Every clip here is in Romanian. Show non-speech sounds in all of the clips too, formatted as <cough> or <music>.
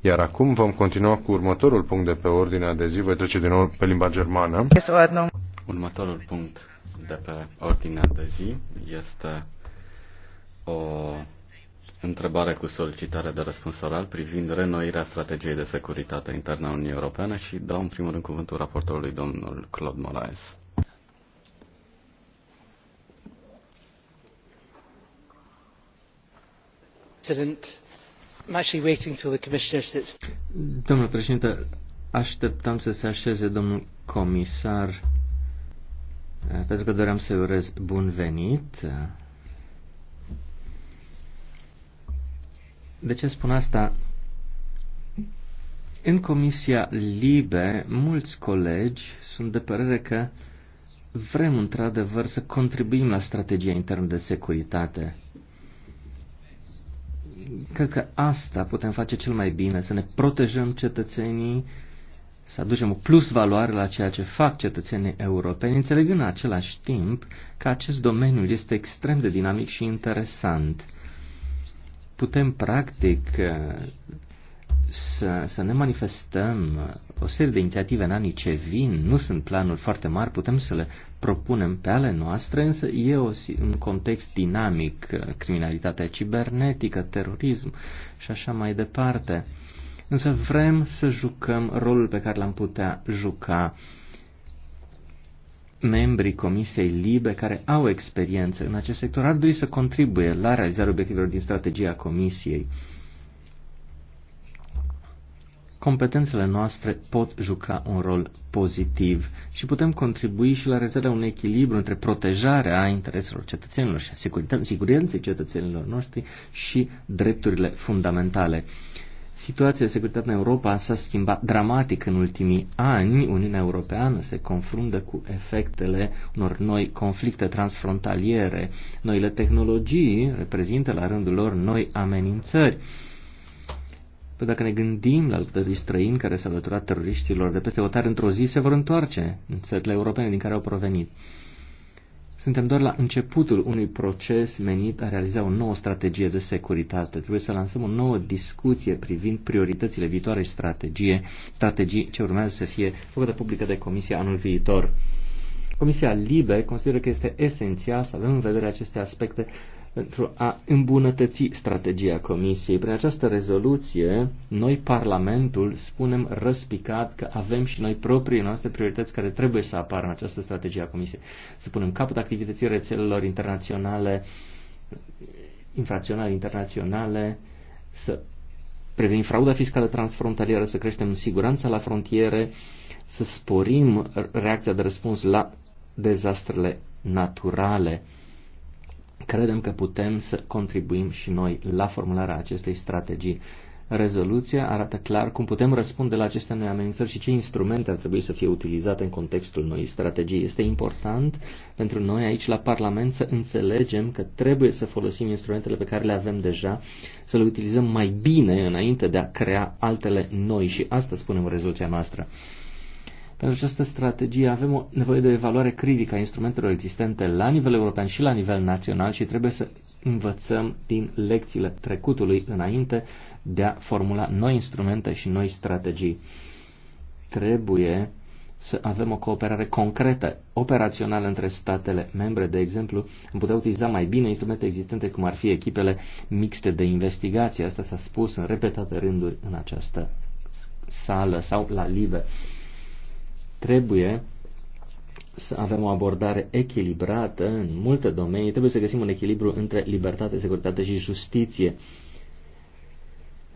Iar acum vom continua cu următorul punct de pe ordinea de zi. Voi trece din nou pe limba germană. Următorul punct de pe ordinea de zi este o întrebare cu solicitare de răspuns oral privind renoirea strategiei de securitate internă a Uniunii Europene și dau în primul rând cuvântul raportorului domnul Claude Moraes. President, Domnule președinte, așteptam să se așeze domnul comisar eh, pentru că doream să-i urez bun venit. De ce spun asta? În Comisia Libe, mulți colegi sunt de părere că vrem într-adevăr să contribuim la strategia internă de securitate cred că asta putem face cel mai bine, să ne protejăm cetățenii, să aducem o plus valoare la ceea ce fac cetățenii europeni, înțelegând în același timp că acest domeniu este extrem de dinamic și interesant. Putem, practic, să, să ne manifestăm o serie de inițiative în anii ce vin, nu sunt planuri foarte mari, putem să le propunem pe ale noastre, însă e o, un context dinamic, uh, criminalitatea cibernetică, terorism și așa mai departe. Însă vrem să jucăm rolul pe care l-am putea juca membrii Comisiei Libe care au experiență în acest sector ar trebui să contribuie la realizarea obiectivelor din strategia Comisiei competențele noastre pot juca un rol pozitiv și putem contribui și la realizarea unui echilibru între protejarea intereselor cetățenilor și a siguranței cetățenilor noștri și drepturile fundamentale. Situația de securitate în Europa s-a schimbat dramatic în ultimii ani. Uniunea Europeană se confruntă cu efectele unor noi conflicte transfrontaliere. Noile tehnologii reprezintă la rândul lor noi amenințări pe păi dacă ne gândim la luptătorii străini care s-au alăturat teroriștilor de peste hotare într-o zi, se vor întoarce în țările europene din care au provenit. Suntem doar la începutul unui proces menit a realiza o nouă strategie de securitate. Trebuie să lansăm o nouă discuție privind prioritățile viitoare și strategie, strategii ce urmează să fie făcută publică de Comisie anul viitor. Comisia LIBE consideră că este esențial să avem în vedere aceste aspecte pentru a îmbunătăți strategia Comisiei. Prin această rezoluție, noi, Parlamentul, spunem răspicat că avem și noi proprii noastre priorități care trebuie să apară în această strategie a Comisiei. Să punem capăt activității rețelelor internaționale, infracționale internaționale, să prevenim frauda fiscală transfrontalieră, să creștem siguranța la frontiere, să sporim reacția de răspuns la dezastrele naturale credem că putem să contribuim și noi la formularea acestei strategii. Rezoluția arată clar cum putem răspunde la aceste noi amenințări și ce instrumente ar trebui să fie utilizate în contextul noii strategii. Este important pentru noi aici la Parlament să înțelegem că trebuie să folosim instrumentele pe care le avem deja, să le utilizăm mai bine înainte de a crea altele noi și asta spunem rezoluția noastră. Pentru această strategie avem nevoie de o evaluare critică a instrumentelor existente la nivel european și la nivel național și trebuie să învățăm din lecțiile trecutului înainte de a formula noi instrumente și noi strategii. Trebuie să avem o cooperare concretă, operațională între statele membre, de exemplu, am putea utiliza mai bine instrumente existente, cum ar fi echipele mixte de investigație, asta s-a spus în repetate rânduri în această sală sau la liber. Trebuie să avem o abordare echilibrată în multe domenii. Trebuie să găsim un echilibru între libertate, securitate și justiție.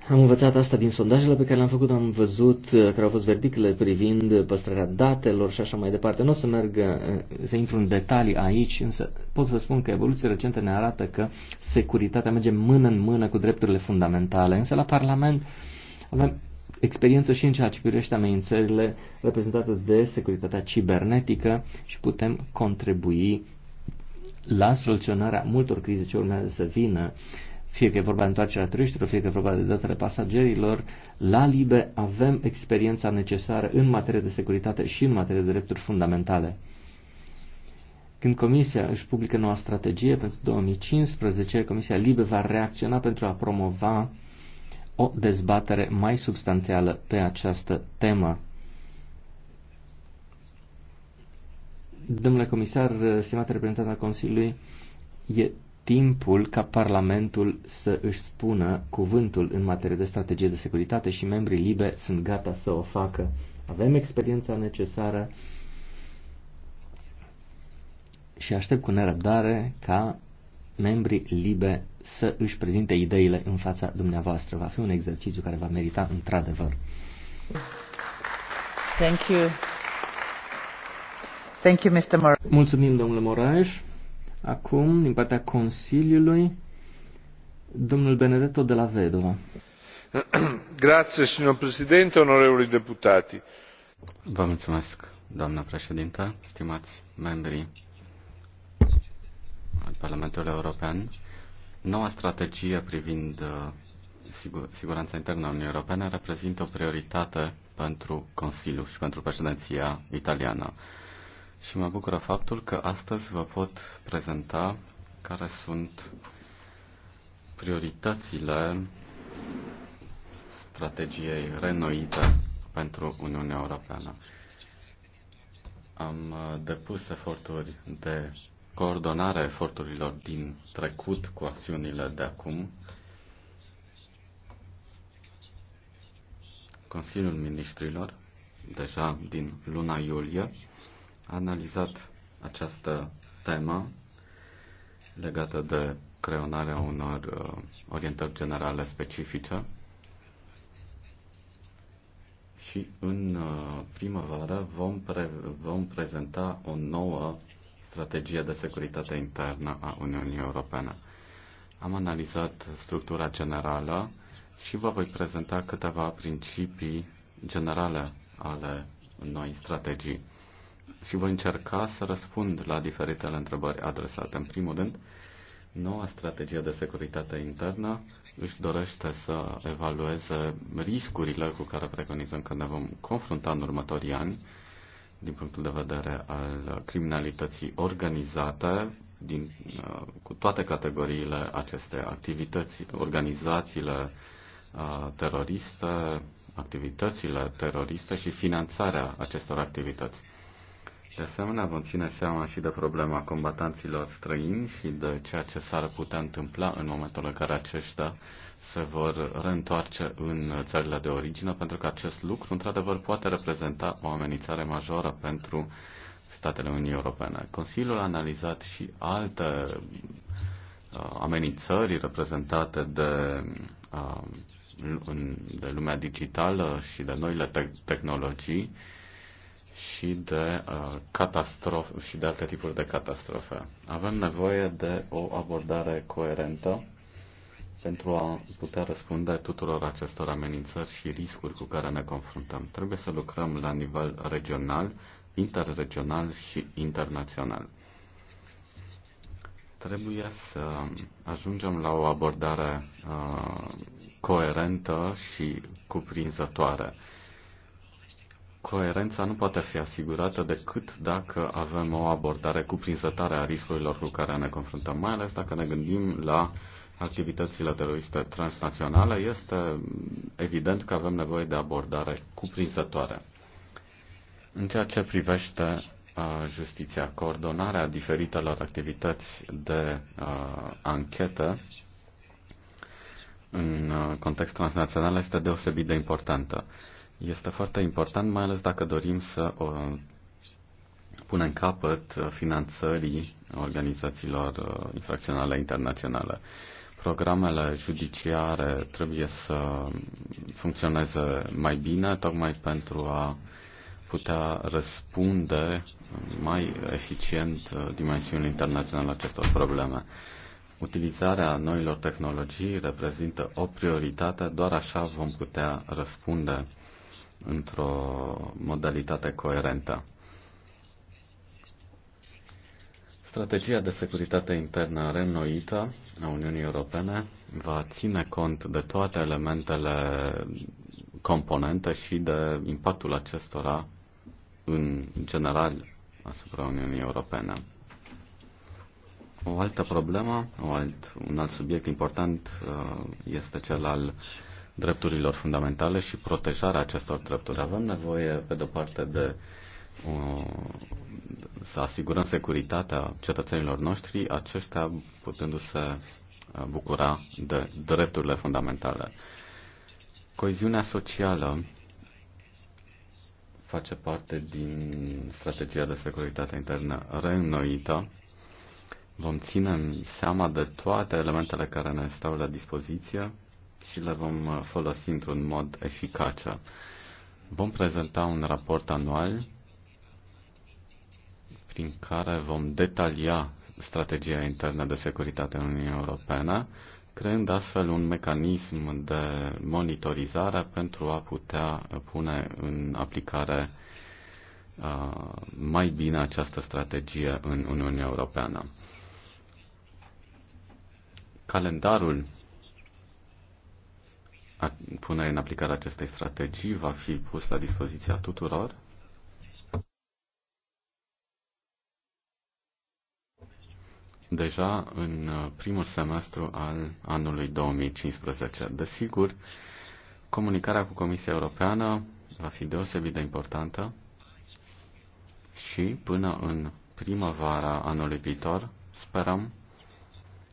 Am învățat asta din sondajele pe care le-am făcut, am văzut uh, care au fost verdictele privind păstrarea datelor și așa mai departe. Nu o să merg uh, să intru în detalii aici, însă pot să vă spun că evoluția recentă ne arată că securitatea merge mână în mână cu drepturile fundamentale. Însă la Parlament avem experiență și în ceea ce privește amenințările reprezentate de securitatea cibernetică și putem contribui la soluționarea multor crize ce urmează să vină, fie că e vorba de întoarcerea turiștilor, fie că e vorba de datele pasagerilor, la LIBE avem experiența necesară în materie de securitate și în materie de drepturi fundamentale. Când Comisia își publică noua strategie pentru 2015, Comisia LIBE va reacționa pentru a promova o dezbatere mai substanțială pe această temă. Domnule comisar, stimat reprezentant al Consiliului, e timpul ca Parlamentul să își spună cuvântul în materie de strategie de securitate și membrii LIBE sunt gata să o facă. Avem experiența necesară și aștept cu nerăbdare ca membrii libe să își prezinte ideile în fața dumneavoastră. Va fi un exercițiu care va merita într-adevăr. Thank you. Thank you, Mr. Mor Mulțumim, domnule Moraes. Acum, din partea Consiliului, domnul Benedetto de la Vedova. <clears throat> Grazie, signor Presidente, onorevoli deputati. Vă mulțumesc, doamna președintă, stimați membrii Parlamentul European, noua strategie privind uh, sigur, siguranța internă a Uniunii Europene reprezintă o prioritate pentru Consiliu și pentru președinția italiană. Și mă bucură faptul că astăzi vă pot prezenta care sunt prioritățile strategiei renoite pentru Uniunea Europeană. Am uh, depus eforturi de Coordonarea eforturilor din trecut cu acțiunile de acum. Consiliul Ministrilor, deja din luna iulie, a analizat această temă legată de creonarea unor uh, orientări generale specifice și în uh, primăvară vom, pre- vom prezenta o nouă strategia de securitate internă a Uniunii Europene. Am analizat structura generală și vă voi prezenta câteva principii generale ale noi strategii și voi încerca să răspund la diferitele întrebări adresate. În primul rând, noua strategie de securitate internă își dorește să evalueze riscurile cu care preconizăm că ne vom confrunta în următorii ani din punctul de vedere al criminalității organizate, din, uh, cu toate categoriile aceste activități, organizațiile uh, teroriste, activitățile teroriste și finanțarea acestor activități. De asemenea, vom ține seama și de problema combatanților străini și de ceea ce s-ar putea întâmpla în momentul în care aceștia se vor reîntoarce în țările de origine, pentru că acest lucru, într-adevăr, poate reprezenta o amenințare majoră pentru statele Unii Europene. Consiliul a analizat și alte uh, amenințări reprezentate de, uh, de lumea digitală și de noile te- tehnologii, și de uh, catastrofe și de alte tipuri de catastrofe. Avem nevoie de o abordare coerentă pentru a putea răspunde tuturor acestor amenințări și riscuri cu care ne confruntăm. Trebuie să lucrăm la nivel regional, interregional și internațional. Trebuie să ajungem la o abordare uh, coerentă și cuprinzătoare. Coerența nu poate fi asigurată decât dacă avem o abordare cuprinzătoare a riscurilor cu care ne confruntăm, mai ales dacă ne gândim la activitățile teroriste transnaționale. Este evident că avem nevoie de abordare cuprinzătoare. În ceea ce privește justiția, coordonarea diferitelor activități de anchetă în context transnațional este deosebit de importantă este foarte important, mai ales dacă dorim să uh, punem capăt finanțării organizațiilor uh, infracționale internaționale. Programele judiciare trebuie să funcționeze mai bine, tocmai pentru a putea răspunde mai eficient uh, dimensiunea internațională acestor probleme. Utilizarea noilor tehnologii reprezintă o prioritate, doar așa vom putea răspunde într-o modalitate coerentă. Strategia de securitate internă renoită a Uniunii Europene va ține cont de toate elementele componente și de impactul acestora în general asupra Uniunii Europene. O altă problemă, o alt, un alt subiect important uh, este cel al drepturilor fundamentale și protejarea acestor drepturi. Avem nevoie, pe de-o parte, de uh, să asigurăm securitatea cetățenilor noștri, aceștia putându-se uh, bucura de drepturile fundamentale. Coeziunea socială face parte din strategia de securitate internă reînnoită. Vom ține seama de toate elementele care ne stau la dispoziție și le vom uh, folosi într-un mod eficace. Vom prezenta un raport anual prin care vom detalia strategia internă de securitate în Uniunea Europeană, creând astfel un mecanism de monitorizare pentru a putea pune în aplicare uh, mai bine această strategie în Uniunea Europeană. Calendarul punerea în aplicare acestei strategii va fi pus la dispoziția tuturor? deja în uh, primul semestru al anului 2015. Desigur, comunicarea cu Comisia Europeană va fi deosebit de importantă și până în primăvara anului viitor sperăm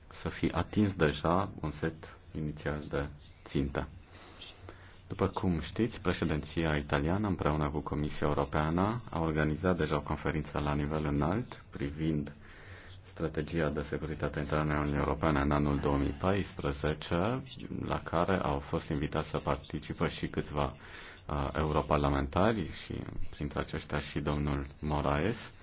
să fi atins deja un set inițial de țintă. După cum știți, președinția italiană împreună cu Comisia Europeană a organizat deja o conferință la nivel înalt privind strategia de securitate internă a Uniunii Europene în anul 2014, la care au fost invitați să participă și câțiva uh, europarlamentari și printre aceștia și domnul Moraes,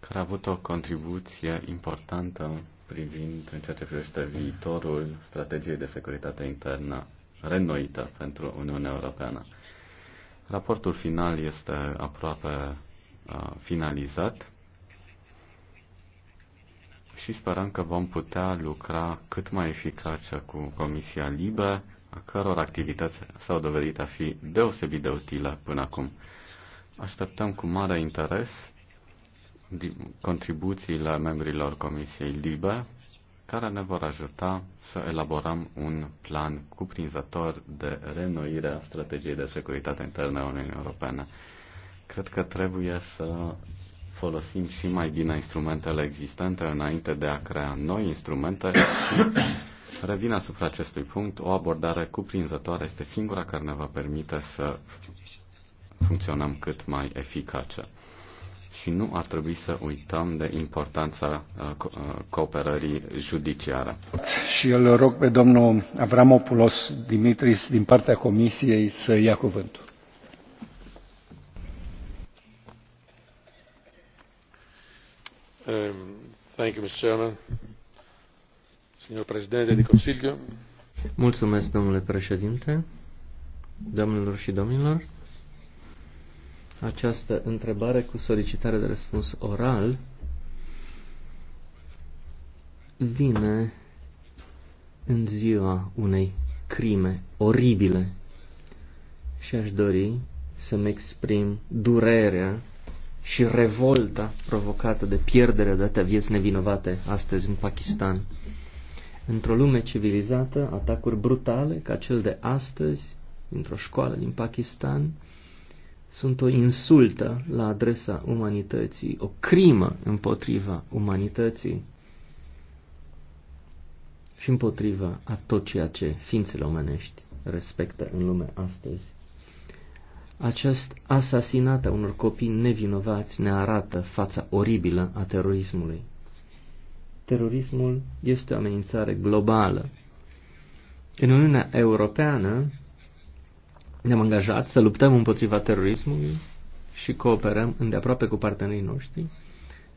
care a avut o contribuție importantă privind în ceea ce privește viitorul strategiei de securitate internă reînnoită pentru Uniunea Europeană. Raportul final este aproape uh, finalizat și sperăm că vom putea lucra cât mai eficace cu Comisia Libe, a căror activități s-au dovedit a fi deosebit de utile până acum. Așteptăm cu mare interes contribuțiile membrilor Comisiei Libe care ne vor ajuta să elaborăm un plan cuprinzător de renoire a strategiei de securitate internă a Uniunii Europene. Cred că trebuie să folosim și mai bine instrumentele existente înainte de a crea noi instrumente și <coughs> revin asupra acestui punct. O abordare cuprinzătoare este singura care ne va permite să funcționăm cât mai eficace și nu ar trebui să uităm de importanța uh, uh, cooperării judiciare. Și îl rog pe domnul Avramopoulos Dimitris din partea Comisiei să ia cuvântul. Um, thank you, Mr. Chairman. Signor Presidente di Consiglio. Mulțumesc, domnule președinte, domnilor și domnilor această întrebare cu solicitare de răspuns oral vine în ziua unei crime oribile și aș dori să-mi exprim durerea și revolta provocată de pierderea de vieți nevinovate astăzi în Pakistan. Într-o lume civilizată, atacuri brutale ca cel de astăzi, într o școală din Pakistan, sunt o insultă la adresa umanității, o crimă împotriva umanității și împotriva a tot ceea ce ființele omenești respectă în lume astăzi. Acest asasinat a unor copii nevinovați ne arată fața oribilă a terorismului. Terorismul este o amenințare globală. În Uniunea Europeană, ne-am angajat să luptăm împotriva terorismului și cooperăm îndeaproape cu partenerii noștri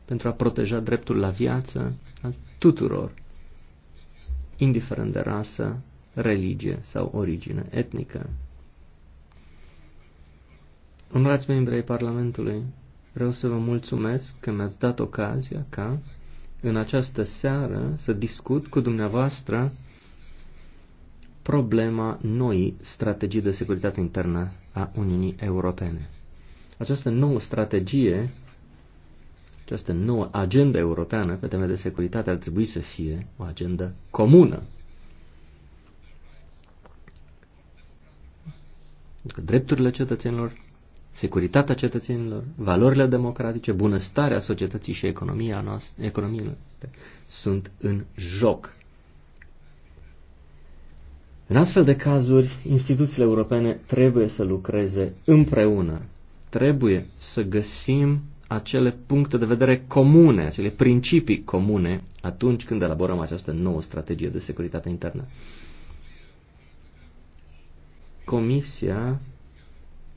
pentru a proteja dreptul la viață al tuturor, indiferent de rasă, religie sau origine etnică. Onorați membri ai Parlamentului, vreau să vă mulțumesc că mi-ați dat ocazia ca în această seară să discut cu dumneavoastră problema noii strategii de securitate internă a Uniunii Europene. Această nouă strategie, această nouă agenda europeană pe teme de securitate ar trebui să fie o agenda comună. Adică drepturile cetățenilor, securitatea cetățenilor, valorile democratice, bunăstarea societății și economia noastră, economiile sunt în joc. În astfel de cazuri, instituțiile europene trebuie să lucreze împreună. Trebuie să găsim acele puncte de vedere comune, acele principii comune atunci când elaborăm această nouă strategie de securitate internă. Comisia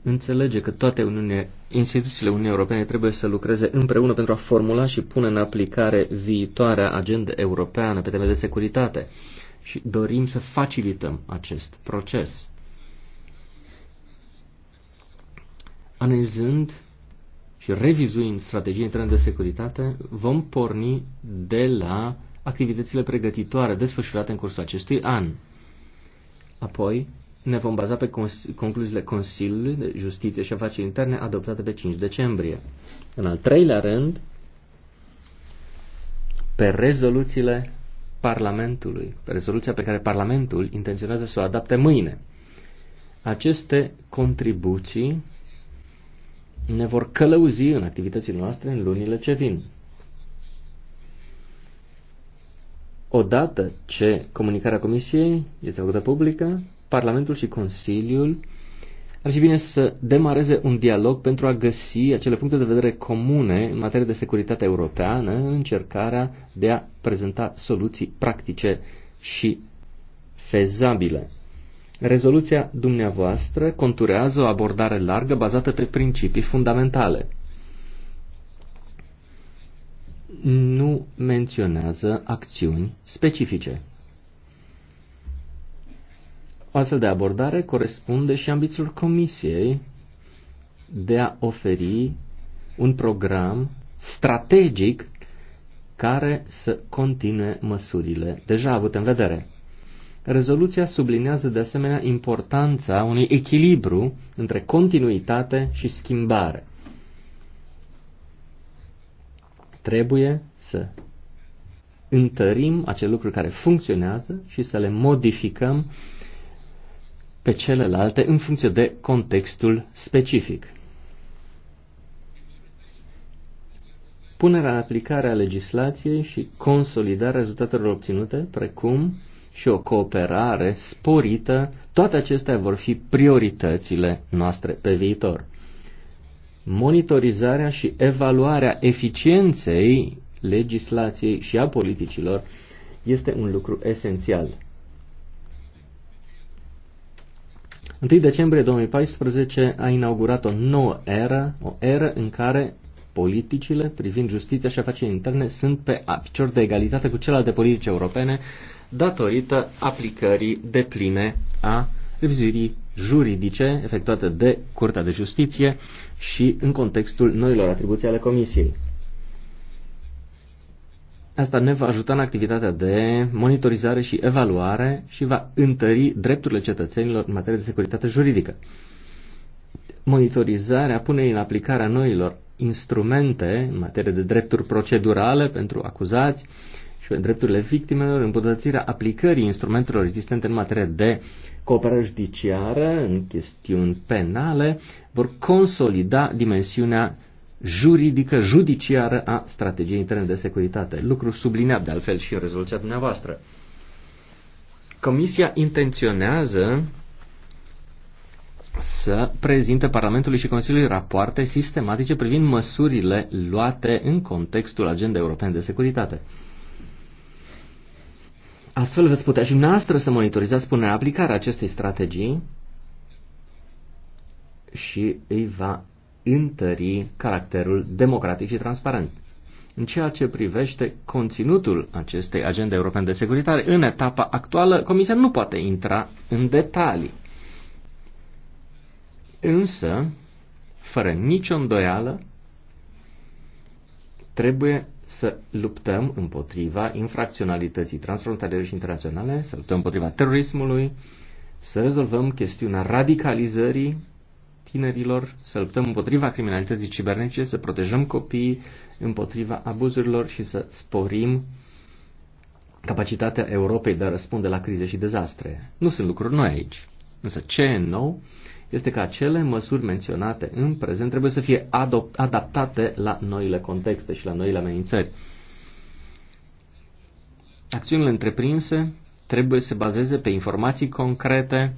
înțelege că toate Uniunea, instituțiile Uniunii Europene trebuie să lucreze împreună pentru a formula și pune în aplicare viitoarea agenda europeană pe teme de securitate și dorim să facilităm acest proces. Analizând și revizuind strategiile interne de securitate, vom porni de la activitățile pregătitoare desfășurate în cursul acestui an. Apoi, ne vom baza pe concluziile Consiliului de Justiție și Afaceri Interne adoptate pe 5 decembrie. În al treilea rând, pe rezoluțiile Parlamentului, rezoluția pe care Parlamentul intenționează să o adapte mâine. Aceste contribuții ne vor călăuzi în activitățile noastre în lunile ce vin. Odată ce comunicarea Comisiei este făcută publică, Parlamentul și Consiliul ar fi bine să demareze un dialog pentru a găsi acele puncte de vedere comune în materie de securitate europeană în încercarea de a prezenta soluții practice și fezabile. Rezoluția dumneavoastră conturează o abordare largă bazată pe principii fundamentale. Nu menționează acțiuni specifice. O astfel de abordare corespunde și ambițiilor Comisiei de a oferi un program strategic care să continue măsurile deja avute în vedere. Rezoluția sublinează de asemenea importanța unui echilibru între continuitate și schimbare. Trebuie să întărim acele lucruri care funcționează și să le modificăm pe celelalte în funcție de contextul specific. Punerea în aplicare a legislației și consolidarea rezultatelor obținute, precum și o cooperare sporită, toate acestea vor fi prioritățile noastre pe viitor. Monitorizarea și evaluarea eficienței legislației și a politicilor este un lucru esențial. 1 decembrie 2014 a inaugurat o nouă eră, o eră în care politicile privind justiția și afacerile interne sunt pe picior de egalitate cu celelalte politici europene datorită aplicării depline a revizuirii juridice efectuate de Curtea de Justiție și în contextul noilor atribuții ale Comisiei. Asta ne va ajuta în activitatea de monitorizare și evaluare și va întări drepturile cetățenilor în materie de securitate juridică. Monitorizarea pune în aplicarea noilor instrumente în materie de drepturi procedurale pentru acuzați și pentru drepturile victimelor, îmbunătățirea aplicării instrumentelor existente în materie de cooperare judiciară în chestiuni penale, vor consolida dimensiunea juridică, judiciară a strategiei interne de securitate. Lucru subliniat de altfel și în rezoluția dumneavoastră. Comisia intenționează să prezinte Parlamentului și Consiliului rapoarte sistematice privind măsurile luate în contextul agendei europene de securitate. Astfel veți putea și noastră să monitorizați punerea aplicarea acestei strategii și îi va întări caracterul democratic și transparent. În ceea ce privește conținutul acestei agende europene de securitate, în etapa actuală, Comisia nu poate intra în detalii. Însă, fără nicio îndoială, trebuie să luptăm împotriva infracționalității transfrontaliere și internaționale, să luptăm împotriva terorismului, să rezolvăm chestiunea radicalizării tinerilor, să luptăm împotriva criminalității cibernetice, să protejăm copiii împotriva abuzurilor și să sporim capacitatea Europei de a răspunde la crize și dezastre. Nu sunt lucruri noi aici. Însă ce e nou este că acele măsuri menționate în prezent trebuie să fie adopt, adaptate la noile contexte și la noile amenințări. Acțiunile întreprinse trebuie să se bazeze pe informații concrete,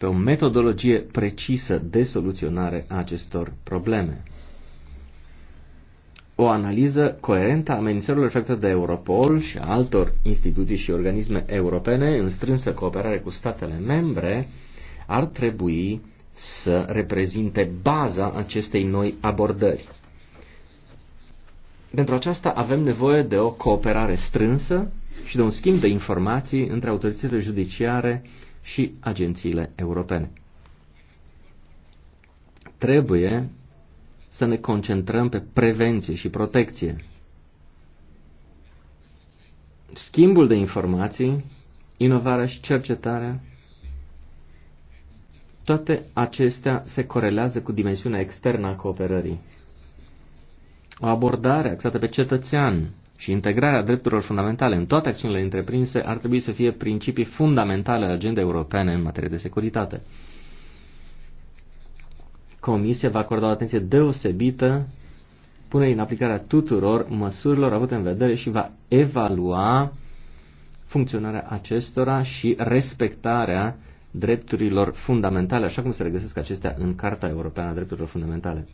pe o metodologie precisă de soluționare a acestor probleme. O analiză coerentă a amenințărilor efectuate de Europol și a altor instituții și organisme europene în strânsă cooperare cu statele membre ar trebui să reprezinte baza acestei noi abordări. Pentru aceasta avem nevoie de o cooperare strânsă și de un schimb de informații între autoritățile judiciare și agențiile europene. Trebuie să ne concentrăm pe prevenție și protecție. Schimbul de informații, inovarea și cercetarea, toate acestea se corelează cu dimensiunea externă a cooperării. O abordare axată pe cetățean, și integrarea drepturilor fundamentale în toate acțiunile întreprinse ar trebui să fie principii fundamentale ale agendei europene în materie de securitate. Comisia va acorda o atenție deosebită punerii în aplicarea tuturor măsurilor avute în vedere și va evalua funcționarea acestora și respectarea drepturilor fundamentale, așa cum se regăsesc acestea în Carta Europeană a Drepturilor Fundamentale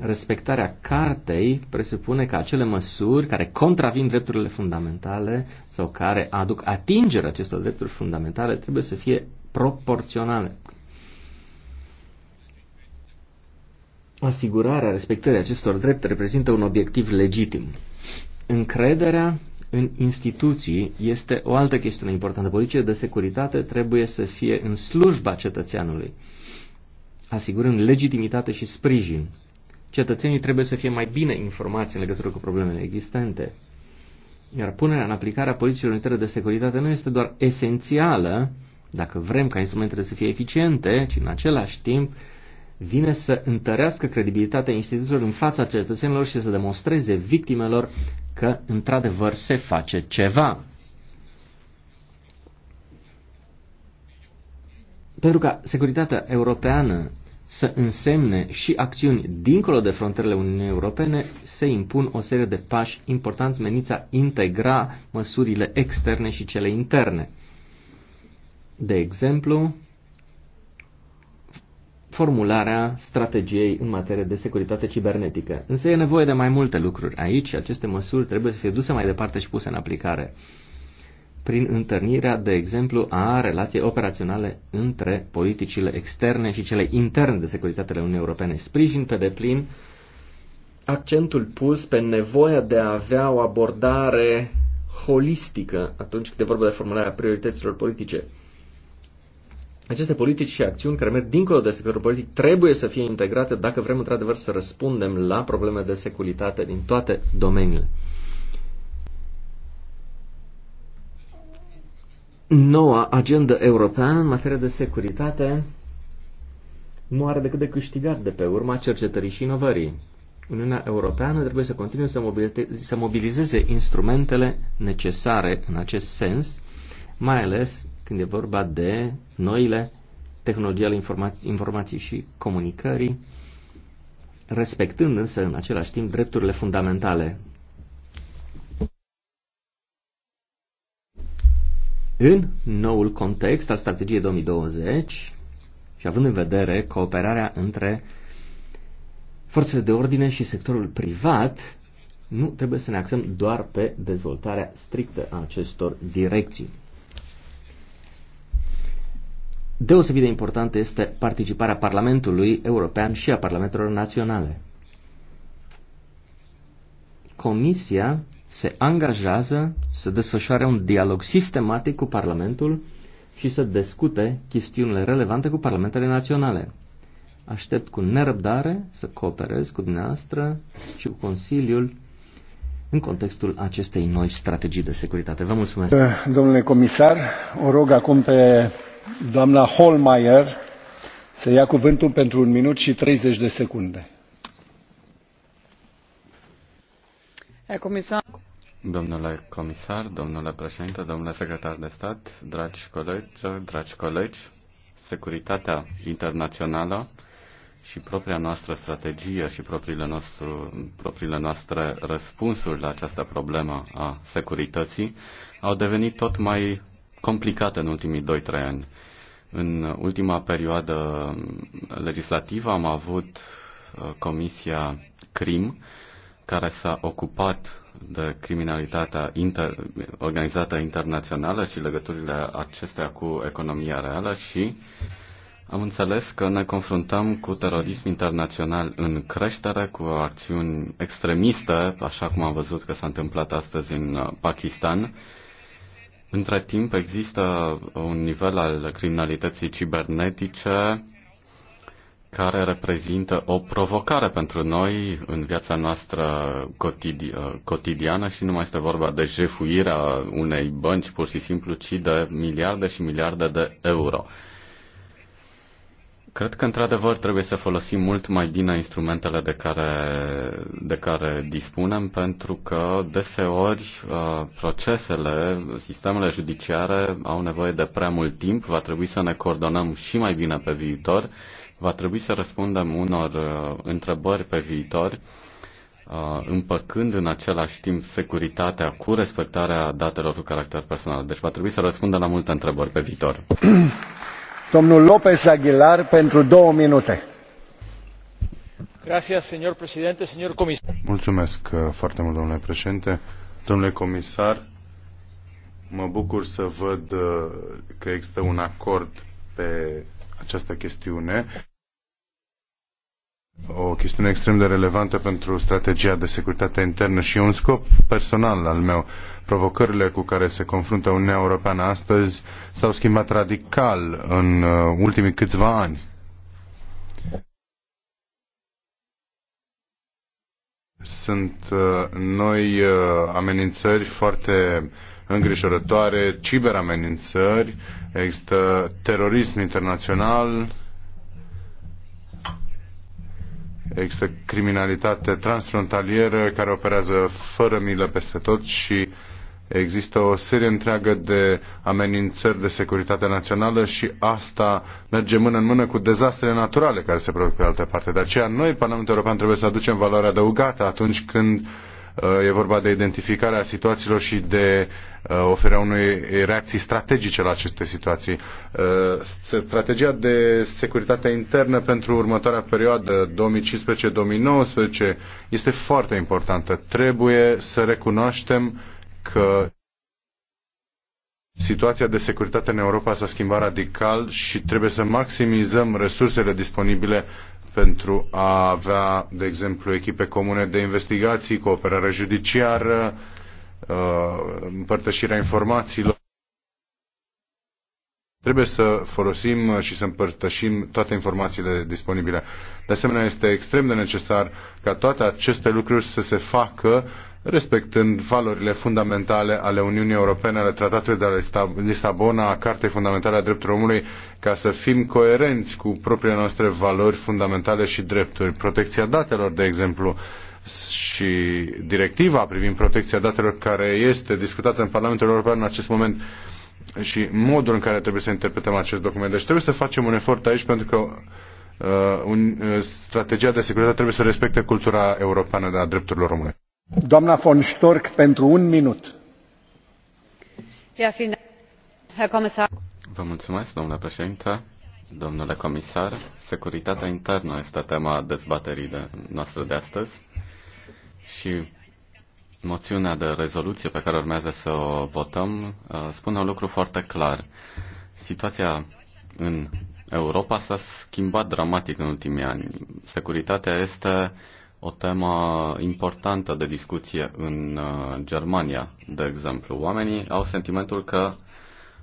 respectarea cartei presupune că acele măsuri care contravin drepturile fundamentale sau care aduc atingere acestor drepturi fundamentale trebuie să fie proporționale. Asigurarea respectării acestor drepte reprezintă un obiectiv legitim. Încrederea în instituții este o altă chestiune importantă. Poliția de securitate trebuie să fie în slujba cetățeanului, asigurând legitimitate și sprijin cetățenii trebuie să fie mai bine informați în legătură cu problemele existente. Iar punerea în aplicare a politicilor interne de securitate nu este doar esențială dacă vrem ca instrumentele să fie eficiente, ci în același timp vine să întărească credibilitatea instituțiilor în fața cetățenilor și să demonstreze victimelor că într-adevăr se face ceva. Pentru ca securitatea europeană să însemne și acțiuni dincolo de frontierele Uniunii Europene, se impun o serie de pași importanți meniți a integra măsurile externe și cele interne. De exemplu, formularea strategiei în materie de securitate cibernetică. Însă e nevoie de mai multe lucruri aici, aceste măsuri trebuie să fie duse mai departe și puse în aplicare prin întâlnirea, de exemplu, a relației operaționale între politicile externe și cele interne de securitate ale Uniunii Europene. Sprijin pe deplin accentul pus pe nevoia de a avea o abordare holistică atunci când e vorba de formularea priorităților politice. Aceste politici și acțiuni care merg dincolo de sectorul politic trebuie să fie integrate dacă vrem într-adevăr să răspundem la probleme de securitate din toate domeniile. noua agendă europeană în materie de securitate nu are decât de câștigat de pe urma cercetării și inovării. Uniunea Europeană trebuie să continue să mobilizeze instrumentele necesare în acest sens, mai ales când e vorba de noile tehnologii ale informații, informații și comunicării, respectând însă în același timp drepturile fundamentale În noul context al strategiei 2020 și având în vedere cooperarea între forțele de ordine și sectorul privat, nu trebuie să ne axăm doar pe dezvoltarea strictă a acestor direcții. Deosebit de importantă este participarea Parlamentului European și a Parlamentelor Naționale. Comisia se angajează să desfășoare un dialog sistematic cu Parlamentul și să discute chestiunile relevante cu Parlamentele naționale. Aștept cu nerăbdare să cooperez cu dumneavoastră și cu Consiliul în contextul acestei noi strategii de securitate. Vă mulțumesc. Eh, domnule comisar, o rog acum pe doamna Holmeier să ia cuvântul pentru un minut și 30 de secunde. Domnule comisar, domnule președinte, domnule secretar de stat, dragi colegi, dragi colegi, securitatea internațională și propria noastră strategie și propriile, nostru, propriile noastre răspunsuri la această problemă a securității au devenit tot mai complicate în ultimii 2-3 ani. În ultima perioadă legislativă am avut uh, Comisia CRIM, care s-a ocupat de criminalitatea inter, organizată internațională și legăturile acestea cu economia reală și am înțeles că ne confruntăm cu terorism internațional în creștere, cu acțiuni extremiste, așa cum am văzut că s-a întâmplat astăzi în uh, Pakistan. Între timp există un nivel al criminalității cibernetice care reprezintă o provocare pentru noi în viața noastră cotidi- cotidiană și nu mai este vorba de jefuirea unei bănci pur și simplu, ci de miliarde și miliarde de euro. Cred că, într-adevăr, trebuie să folosim mult mai bine instrumentele de care, de care dispunem, pentru că, deseori, uh, procesele, sistemele judiciare au nevoie de prea mult timp, va trebui să ne coordonăm și mai bine pe viitor va trebui să răspundem unor uh, întrebări pe viitor, uh, împăcând în același timp securitatea cu respectarea datelor cu caracter personal. Deci va trebui să răspundem la multe întrebări pe viitor. <clears throat> Domnul Lopez Aguilar pentru două minute. Gracias, señor presidente, señor comisar. Mulțumesc uh, foarte mult, domnule președinte. Domnule comisar, mă bucur să văd că există un acord pe această chestiune o chestiune extrem de relevantă pentru strategia de securitate internă și un scop personal al meu. Provocările cu care se confruntă Uniunea Europeană astăzi s-au schimbat radical în uh, ultimii câțiva ani. Sunt uh, noi uh, amenințări foarte îngrijorătoare, ciberamenințări, există terorism internațional, Există criminalitate transfrontalieră care operează fără milă peste tot și există o serie întreagă de amenințări de securitate națională și asta merge mână în mână cu dezastrele naturale care se produc pe altă parte. De aceea noi, Parlamentul European, trebuie să aducem valoare adăugată atunci când uh, e vorba de identificarea situațiilor și de Uh, oferea unei reacții strategice la aceste situații. Uh, strategia de securitate internă pentru următoarea perioadă 2015-2019 este foarte importantă. Trebuie să recunoaștem că situația de securitate în Europa s-a schimbat radical și trebuie să maximizăm resursele disponibile pentru a avea, de exemplu, echipe comune de investigații, cooperare judiciară, uh, Uh, împărtășirea informațiilor. Trebuie să folosim și să împărtășim toate informațiile disponibile. De asemenea, este extrem de necesar ca toate aceste lucruri să se facă respectând valorile fundamentale ale Uniunii Europene, ale Tratatului de Lisabona, a Cartei Fundamentale a Drepturilor Omului, ca să fim coerenți cu propriile noastre valori fundamentale și drepturi. Protecția datelor, de exemplu, și directiva privind protecția datelor care este discutată în Parlamentul European în acest moment și modul în care trebuie să interpretăm acest document. Deci trebuie să facem un efort aici pentru că uh, un, uh, strategia de securitate trebuie să respecte cultura europeană a drepturilor române. Doamna von Stork, pentru un minut. Vă mulțumesc, domnule președinte. Domnule comisar, securitatea internă este tema dezbaterii de noastră de astăzi și moțiunea de rezoluție pe care urmează să o votăm uh, spune un lucru foarte clar. Situația în Europa s-a schimbat dramatic în ultimii ani. Securitatea este o temă importantă de discuție în uh, Germania, de exemplu. Oamenii au sentimentul că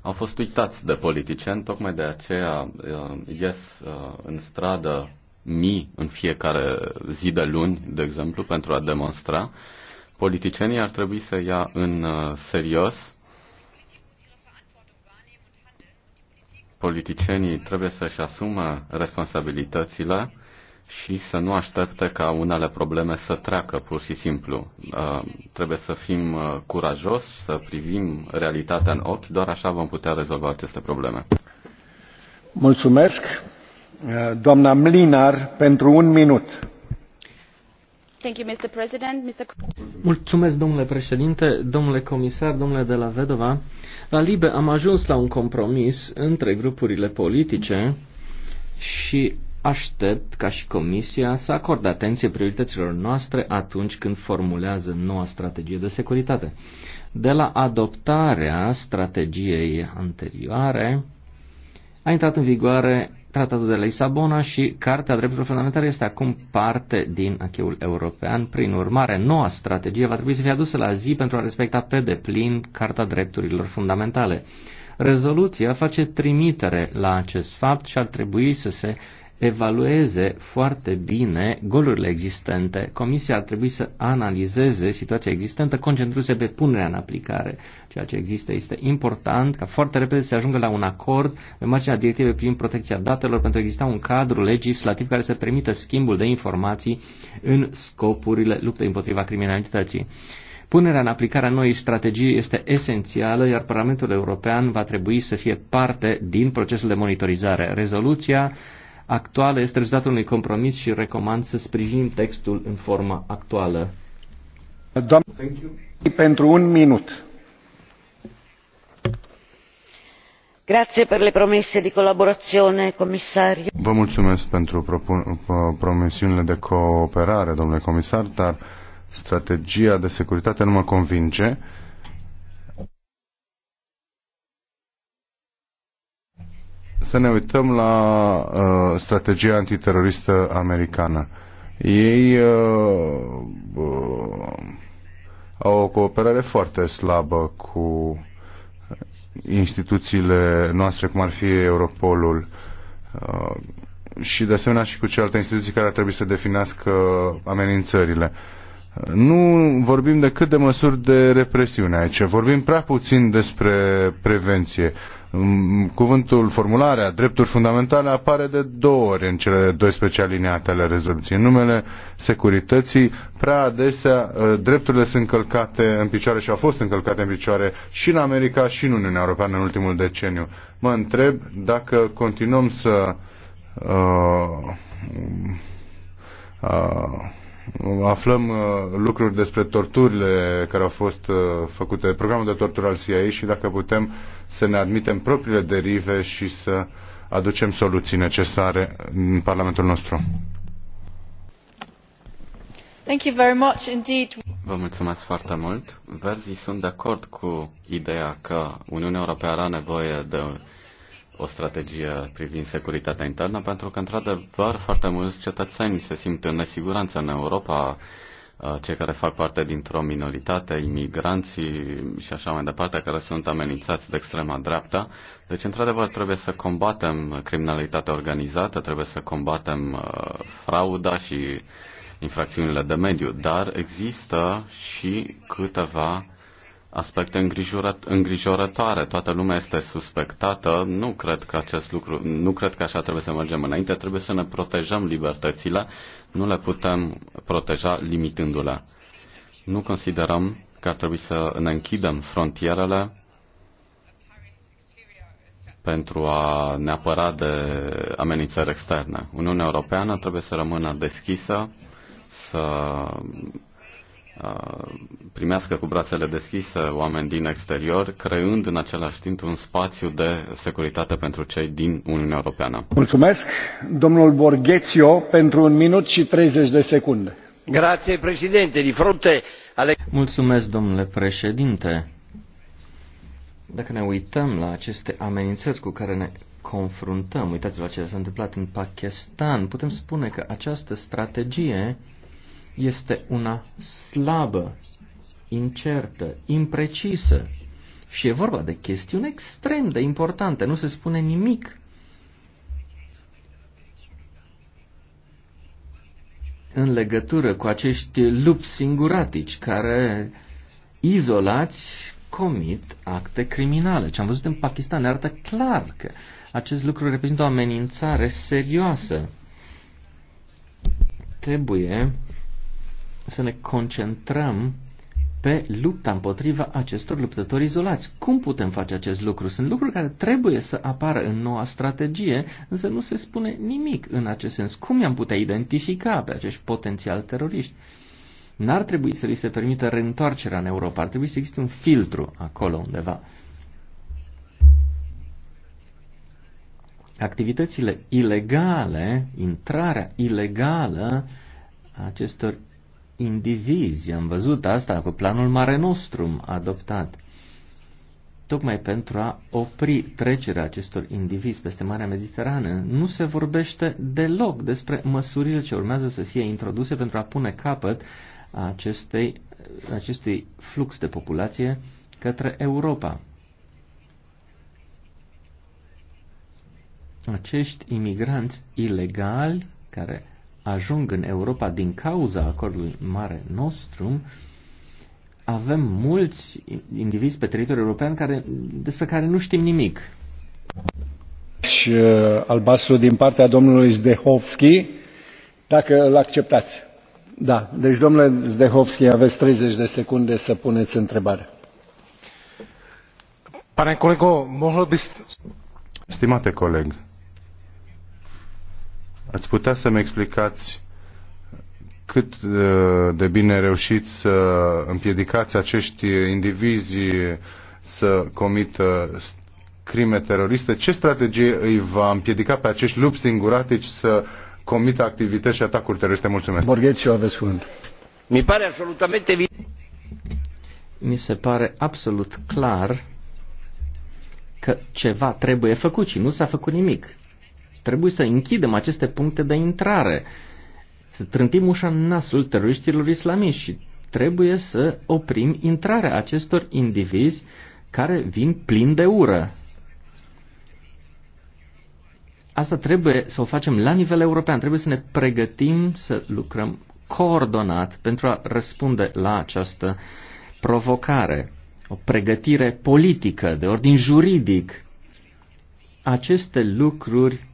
au fost uitați de politicieni, tocmai de aceea uh, ies în stradă mii în fiecare zi de luni, de exemplu, pentru a demonstra, politicienii ar trebui să ia în uh, serios politicienii trebuie să-și asume responsabilitățile și să nu aștepte ca unele probleme să treacă pur și simplu. Uh, trebuie să fim uh, curajoși, să privim realitatea în ochi, doar așa vom putea rezolva aceste probleme. Mulțumesc! Uh, doamna mlinar pentru un minut. Mulțumesc, domnule președinte, domnule comisar, domnule de la Vedova. La Libe am ajuns la un compromis între grupurile politice și aștept ca și Comisia să acorde atenție priorităților noastre atunci când formulează noua strategie de securitate. De la adoptarea strategiei anterioare, a intrat în vigoare Tratatul de la Lisabona și Cartea Drepturilor Fundamentale este acum parte din acheul european. Prin urmare, noua strategie va trebui să fie adusă la zi pentru a respecta pe deplin Carta Drepturilor Fundamentale. Rezoluția face trimitere la acest fapt și ar trebui să se evalueze foarte bine golurile existente. Comisia ar trebui să analizeze situația existentă, concentrându-se pe punerea în aplicare. Ceea ce există este important ca foarte repede să ajungă la un acord pe marginea directivei privind protecția datelor pentru a exista un cadru legislativ care să permită schimbul de informații în scopurile luptei împotriva criminalității. Punerea în aplicare a noii strategii este esențială, iar Parlamentul European va trebui să fie parte din procesul de monitorizare. Rezoluția actuală este rezultatul unui compromis și recomand să sprijinim textul în forma actuală. Doamne, pentru un minut. Grazie per le promesse di collaborazione, commissario. Vă mulțumesc pentru promisiunile de cooperare, domnule comisar, dar strategia de securitate nu mă convinge să ne uităm la uh, strategia antiteroristă americană. Ei uh, uh, au o cooperare foarte slabă cu instituțiile noastre, cum ar fi Europolul uh, și de asemenea și cu celelalte instituții care ar trebui să definească amenințările. Nu vorbim decât de măsuri de represiune aici, vorbim prea puțin despre prevenție. Uh, cuvântul, formularea, drepturi fundamentale apare de două ori în cele 12 aliniate ale rezoluției. În numele securității, prea adesea ă, drepturile sunt încălcate în picioare și au fost încălcate în picioare și în America și în Uniunea Europeană în ultimul deceniu. Mă întreb dacă continuăm să uh, uh, aflăm uh, lucruri despre torturile care au fost uh, făcute, programul de tortură al CIA și dacă putem uh, să ne admitem propriile derive și să aducem soluții necesare în Parlamentul nostru. Thank you very much indeed. Vă mulțumesc foarte mult. Verzii sunt de acord cu ideea că Uniunea Europeană are nevoie de o strategie privind securitatea internă, pentru că, într-adevăr, foarte mulți cetățeni se simt în nesiguranță în Europa, Uh, cei care fac parte dintr-o minoritate, imigranții și așa mai departe, care sunt amenințați de extrema dreapta. Deci, într-adevăr, trebuie să combatem criminalitatea organizată, trebuie să combatem uh, frauda și infracțiunile de mediu, dar există și câteva aspecte îngrijorătoare. Toată lumea este suspectată. Nu cred că acest lucru, nu cred că așa trebuie să mergem înainte. Trebuie să ne protejăm libertățile nu le putem proteja limitându-le. Nu considerăm că ar trebui să ne închidem frontierele pentru a ne apăra de amenințări externe. Uniunea Europeană trebuie să rămână deschisă, să primească cu brațele deschise oameni din exterior, creând în același timp un spațiu de securitate pentru cei din Uniunea Europeană. Mulțumesc, domnul Borghețio, pentru un minut și 30 de secunde. Grație, președinte. din frunte. ale... Mulțumesc, domnule președinte. Dacă ne uităm la aceste amenințări cu care ne confruntăm, uitați-vă ce s-a întâmplat în Pakistan, putem spune că această strategie este una slabă, incertă, imprecisă. Și e vorba de chestiuni extrem de importante, nu se spune nimic. În legătură cu acești lupi singuratici care izolați comit acte criminale. Ce am văzut în Pakistan ne arată clar că acest lucru reprezintă o amenințare serioasă. Trebuie să ne concentrăm pe lupta împotriva acestor luptători izolați. Cum putem face acest lucru? Sunt lucruri care trebuie să apară în noua strategie, însă nu se spune nimic în acest sens. Cum i-am putea identifica pe acești potențial teroriști? N-ar trebui să li se permită reîntoarcerea în Europa, ar trebui să existe un filtru acolo undeva. Activitățile ilegale, intrarea ilegală acestor indivizi. Am văzut asta cu planul Mare Nostrum adoptat tocmai pentru a opri trecerea acestor indivizi peste Marea Mediterană, nu se vorbește deloc despre măsurile ce urmează să fie introduse pentru a pune capăt a acestei, acestui flux de populație către Europa. Acești imigranți ilegali care ajung în Europa din cauza acordului Mare Nostrum, avem mulți indivizi pe teritoriul european care, despre care nu știm nimic. Și uh, albastru din partea domnului Zdehovski, dacă îl acceptați. Da, deci domnule Zdehovski, aveți 30 de secunde să puneți întrebare. Pane colego, mohl byste... Stimate coleg, Ați putea să-mi explicați cât uh, de bine reușiți să împiedicați acești indivizi să comită crime teroriste? Ce strategie îi va împiedica pe acești lupi singuratici să comită activități și atacuri teroriste? Mulțumesc. Borghețiu, aveți cuvânt. Mi pare absolutament evident. Mi se pare absolut clar că ceva trebuie făcut și nu s-a făcut nimic. Trebuie să închidem aceste puncte de intrare, să trântim ușa în nasul teroriștilor islamiști și trebuie să oprim intrarea acestor indivizi care vin plini de ură. Asta trebuie să o facem la nivel european, trebuie să ne pregătim să lucrăm coordonat pentru a răspunde la această provocare. O pregătire politică, de ordin juridic. Aceste lucruri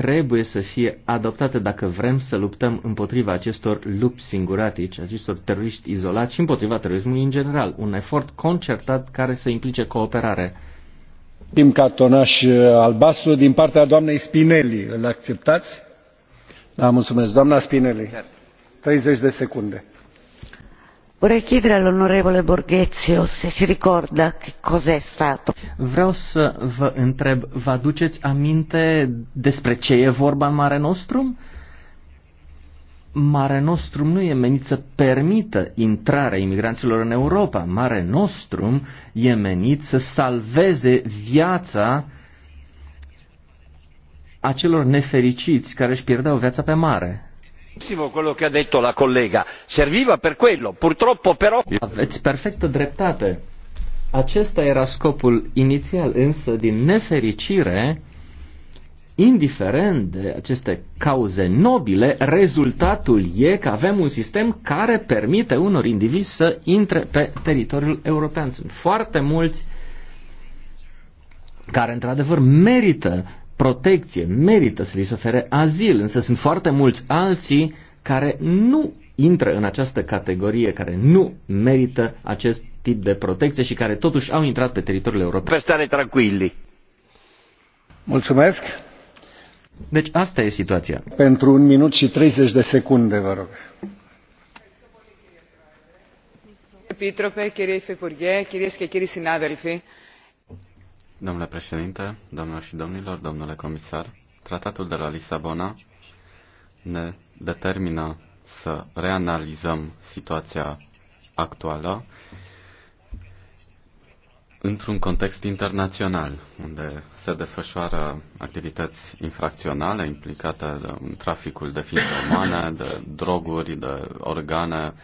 trebuie să fie adoptată dacă vrem să luptăm împotriva acestor lupi singuratici, acestor teroriști izolați și împotriva terorismului în general. Un efort concertat care să implice cooperare. Tim cartonaș albastru din partea doamnei Spinelli. Îl acceptați? Da, mulțumesc. Doamna Spinelli, 30 de secunde. Vorrei chiedere all'onorevole Borghezio se si ricorda che cos'è stato. Vreau să vă întreb, vă aduceți aminte despre ce e vorba în Mare Nostrum? Mare Nostrum nu e menit să permită intrarea imigranților în Europa. Mare Nostrum e menit să salveze viața acelor nefericiți care își pierdeau viața pe mare quello che ha detto la collega. Serviva per quello. Purtroppo però... Aveți perfectă dreptate. Acesta era scopul inițial, însă din nefericire, indiferent de aceste cauze nobile, rezultatul e că avem un sistem care permite unor indivizi să intre pe teritoriul european. Sunt foarte mulți care într-adevăr merită protecție, merită să li se ofere azil, însă sunt foarte mulți alții care nu intră în această categorie, care nu merită acest tip de protecție și care totuși au intrat pe teritoriul european. Per stare tranquilli. Mulțumesc. Deci asta e situația. Pentru un minut și 30 de secunde, vă rog. Επίτροπε, κύριε Υφυπουργέ, κυρίες και κύριοι συνάδελφοι, Domnule președinte, domnilor și domnilor, domnule comisar, tratatul de la Lisabona ne determină să reanalizăm situația actuală într-un context internațional, unde se desfășoară activități infracționale implicate în traficul de ființe umane, de droguri, de organe,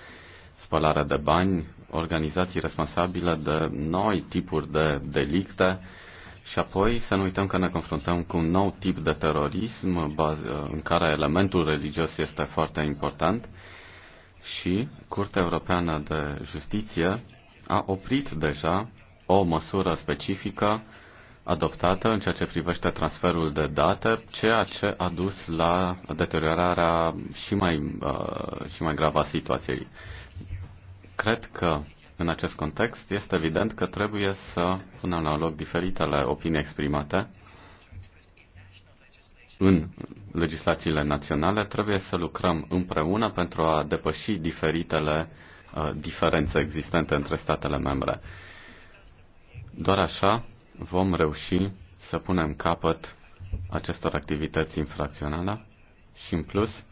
spălare de bani, organizații responsabile de noi tipuri de delicte, și apoi să nu uităm că ne confruntăm cu un nou tip de terorism în care elementul religios este foarte important și Curtea Europeană de Justiție a oprit deja o măsură specifică adoptată în ceea ce privește transferul de date, ceea ce a dus la deteriorarea și mai, uh, și mai gravă a situației. Cred că în acest context, este evident că trebuie să punem la loc diferitele opinii exprimate în legislațiile naționale, trebuie să lucrăm împreună pentru a depăși diferitele uh, diferențe existente între statele membre. Doar așa vom reuși să punem capăt acestor activități infracționale și, în plus,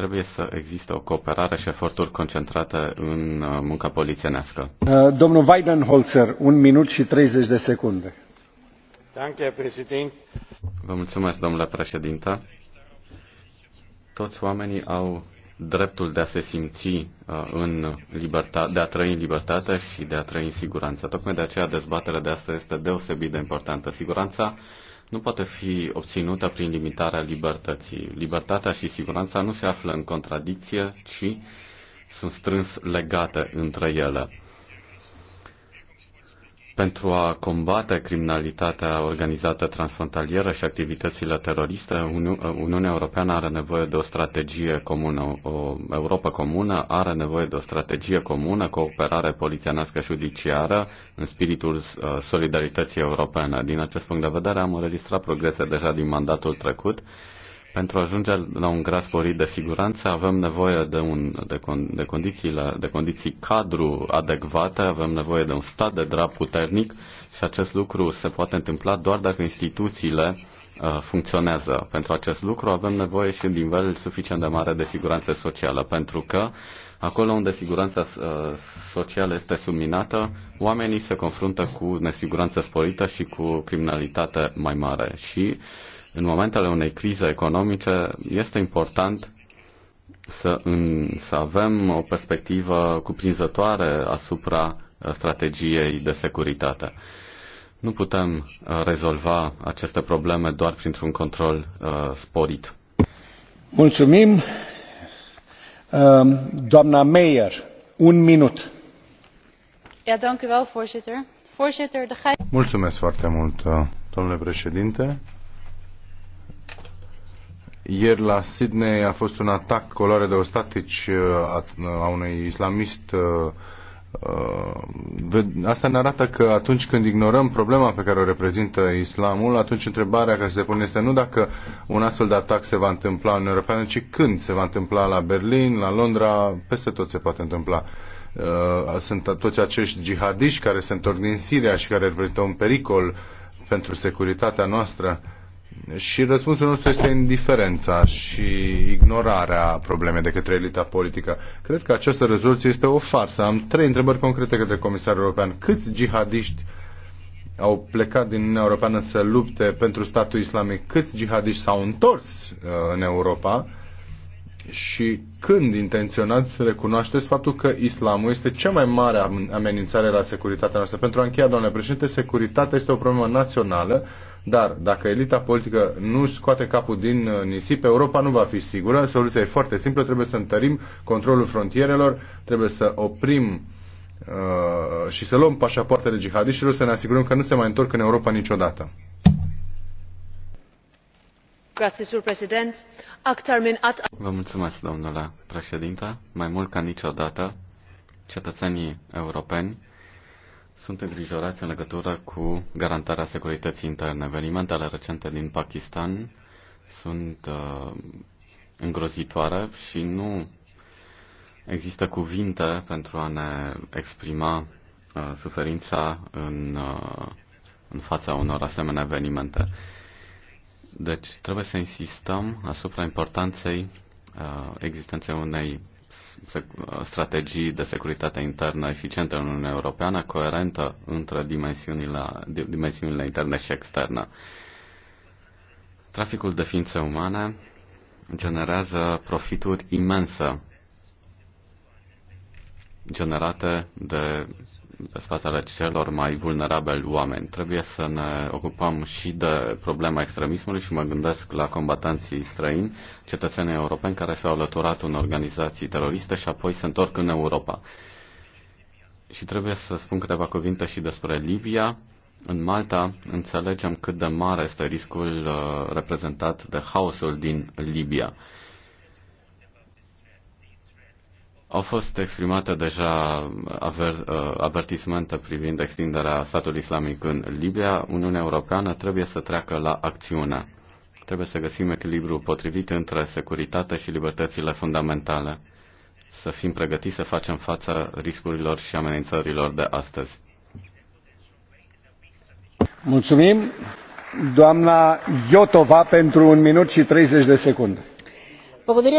Trebuie să existe o cooperare și eforturi concentrate în uh, munca polițienească. Uh, domnul Weidenholzer, un minut și 30 de secunde. Vă mulțumesc, domnule președinte. Toți oamenii au dreptul de a se simți uh, în libertate, de a trăi în libertate și de a trăi în siguranță. Tocmai de aceea dezbaterea de astăzi este deosebit de importantă. Siguranța nu poate fi obținută prin limitarea libertății. Libertatea și siguranța nu se află în contradicție, ci sunt strâns legate între ele pentru a combate criminalitatea organizată transfrontalieră și activitățile teroriste, Uniunea Europeană are nevoie de o strategie comună, o Europa comună are nevoie de o strategie comună, cooperare polițienească și judiciară în spiritul uh, solidarității europene. Din acest punct de vedere am înregistrat progrese deja din mandatul trecut pentru a ajunge la un grad sporit de siguranță avem nevoie de, un, de, con, de, condițiile, de condiții cadru adecvate, avem nevoie de un stat de drap puternic și acest lucru se poate întâmpla doar dacă instituțiile uh, funcționează. Pentru acest lucru avem nevoie și din nivel suficient de mare de siguranță socială, pentru că acolo unde siguranța uh, socială este subminată, oamenii se confruntă cu nesiguranță sporită și cu criminalitate mai mare. Și uh, în momentele unei crize economice este important să, în, să avem o perspectivă cuprinzătoare asupra strategiei de securitate. Nu putem uh, rezolva aceste probleme doar printr-un control uh, sporit. Mulțumim. Uh, doamna Meyer, un minut. Mulțumesc foarte mult, uh, domnule președinte. Ieri la Sydney a fost un atac coloare de ostatici uh, uh, a unui islamist. Uh, asta ne arată că atunci când ignorăm problema pe care o reprezintă islamul, atunci întrebarea care se pune este nu dacă un astfel de atac se va întâmpla în Europeană, ci când se va întâmpla la Berlin, la Londra, peste tot se poate întâmpla sunt toți acești jihadiști care se întorc din Siria și care reprezintă un pericol pentru securitatea noastră. Și răspunsul nostru este indiferența și ignorarea problemei de către elita politică. Cred că această rezoluție este o farsă. Am trei întrebări concrete către Comisarul European. Câți jihadiști au plecat din Uniunea Europeană să lupte pentru statul islamic? Câți jihadiști s-au întors uh, în Europa? și când intenționați să recunoașteți faptul că islamul este cea mai mare amenințare la securitatea noastră. Pentru a încheia, doamne președinte, securitatea este o problemă națională dar dacă elita politică nu își scoate capul din uh, nisip, Europa nu va fi sigură. Soluția e foarte simplă. Trebuie să întărim controlul frontierelor, trebuie să oprim uh, și să luăm pașapoartele jihadiștilor, să ne asigurăm că nu se mai întorc în Europa niciodată. Vă mulțumesc, domnule președinte. Mai mult ca niciodată, cetățenii europeni sunt îngrijorați în legătură cu garantarea securității interne. Evenimentele recente din Pakistan sunt uh, îngrozitoare și nu există cuvinte pentru a ne exprima uh, suferința în, uh, în fața unor asemenea evenimente. Deci trebuie să insistăm asupra importanței uh, existenței unei strategii de securitate internă eficiente în Uniunea Europeană, coerentă între dimensiunile, dimensiunile interne și externe. Traficul de ființe umane generează profituri imense generate de pe spatele celor mai vulnerabili oameni. Trebuie să ne ocupăm și de problema extremismului și mă gândesc la combatanții străini, cetățenii europeni care s-au alăturat în organizații teroriste și apoi se întorc în Europa. Și trebuie să spun câteva cuvinte și despre Libia. În Malta înțelegem cât de mare este riscul uh, reprezentat de haosul din Libia. Au fost exprimate deja aver, uh, avertismente privind extinderea statului islamic în Libia. Uniunea Europeană trebuie să treacă la acțiune. Trebuie să găsim echilibru potrivit între securitate și libertățile fundamentale. Să fim pregătiți să facem fața riscurilor și amenințărilor de astăzi. Mulțumim. Doamna Iotova pentru un minut și 30 de secunde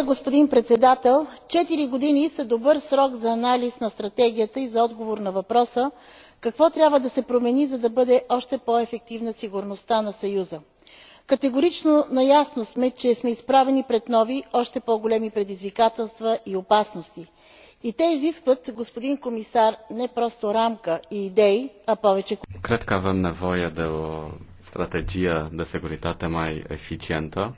господин председател четири години са добър срок за анализ на стратегията и за отговор на въпроса какво трябва да се промени за да бъде още по ефективна сигурността на съюза. категорично наясно сме че сме изправени пред нови още по големи предизвикателства и опасности и те изискват господин комисар не просто рамка и идеи а повече. cred că avem nevoie de o strategie de securitate mai eficientă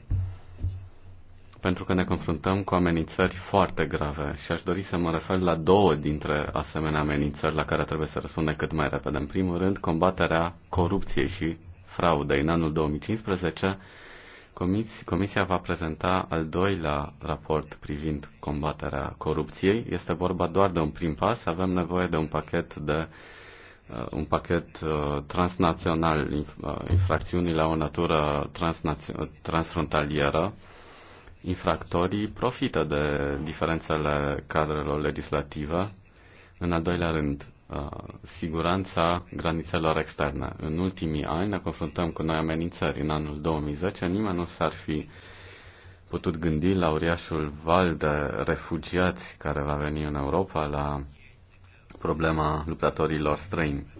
pentru că ne confruntăm cu amenințări foarte grave și aș dori să mă refer la două dintre asemenea amenințări la care trebuie să răspundem cât mai repede. În primul rând, combaterea corupției și fraudei. În anul 2015, Comisia va prezenta al doilea raport privind combaterea corupției. Este vorba doar de un prim pas, avem nevoie de un pachet de uh, un pachet uh, transnațional, uh, infracțiunile au o natură transfrontalieră infractorii profită de diferențele cadrelor legislative. În al doilea rând, uh, siguranța granițelor externe. În ultimii ani ne confruntăm cu noi amenințări. În anul 2010 nimeni nu s-ar fi putut gândi la uriașul val de refugiați care va veni în Europa, la problema luptătorilor străini.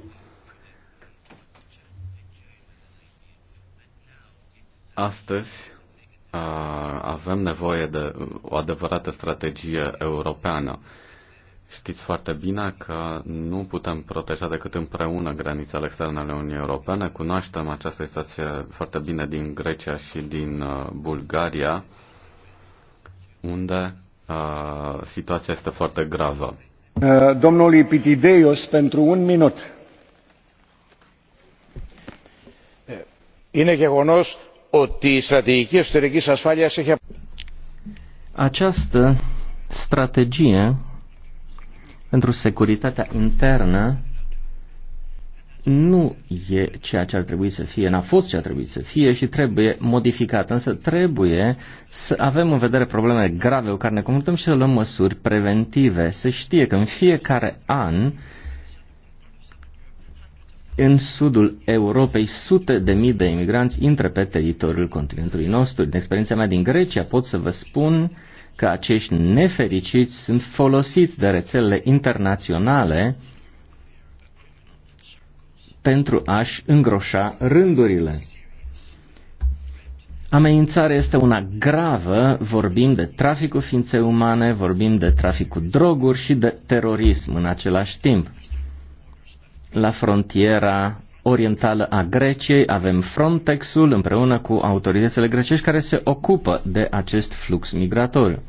Astăzi Uh, avem nevoie de o adevărată strategie europeană. Știți foarte bine că nu putem proteja decât împreună granițele externe ale Uniunii Europene. Cunoaștem această situație foarte bine din Grecia și din uh, Bulgaria, unde a, uh, situația este foarte gravă. Domnul Epitideios, pentru un minut. Είναι ότι η στρατηγική εσωτερικής ασφάλειας έχει... Această strategie pentru securitatea internă nu e ceea ce ar trebui să fie, n-a fost ce ar trebui să fie și trebuie modificată, însă trebuie să avem în vedere problemele grave cu care ne confruntăm și să luăm măsuri preventive. Să știe că în fiecare an în sudul Europei sute de mii de imigranți intră pe teritoriul continentului nostru. Din experiența mea din Grecia pot să vă spun că acești nefericiți sunt folosiți de rețelele internaționale pentru a-și îngroșa rândurile. Amenințarea este una gravă, vorbim de traficul ființe umane, vorbim de traficul droguri și de terorism în același timp la frontiera orientală a Greciei, avem Frontexul împreună cu autoritățile grecești care se ocupă de acest flux migratoriu.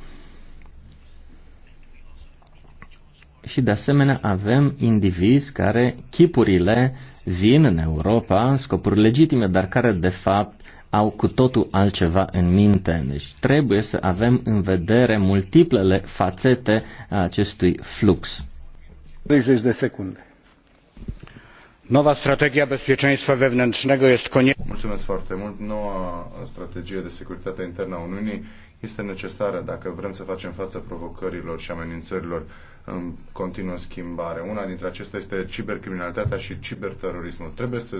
Și de asemenea avem indivizi care chipurile vin în Europa în scopuri legitime, dar care de fapt au cu totul altceva în minte. Deci trebuie să avem în vedere multiplele fațete a acestui flux. 30 de secunde. Noua strategia bezpieczeństwa wewnętrznego jest konieczna. Mulțumesc foarte mult. Noua strategie de securitate internă a Uniunii este necesară dacă vrem să facem față provocărilor și amenințărilor în continuă schimbare. Una dintre acestea este cibercriminalitatea și ciberterorismul. Trebuie să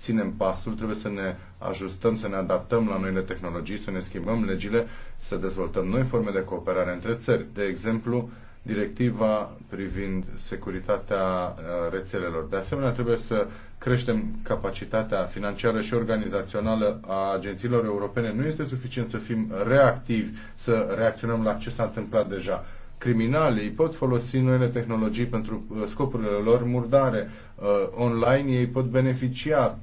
ținem pasul, trebuie să ne ajustăm, să ne adaptăm la noile tehnologii, să ne schimbăm legile, să dezvoltăm noi forme de cooperare între țări. De exemplu, directiva privind securitatea uh, rețelelor. De asemenea, trebuie să creștem capacitatea financiară și organizațională a agențiilor europene. Nu este suficient să fim reactivi, să reacționăm la ce s-a întâmplat deja. Criminalii pot folosi noile tehnologii pentru uh, scopurile lor murdare. Uh, online ei pot beneficia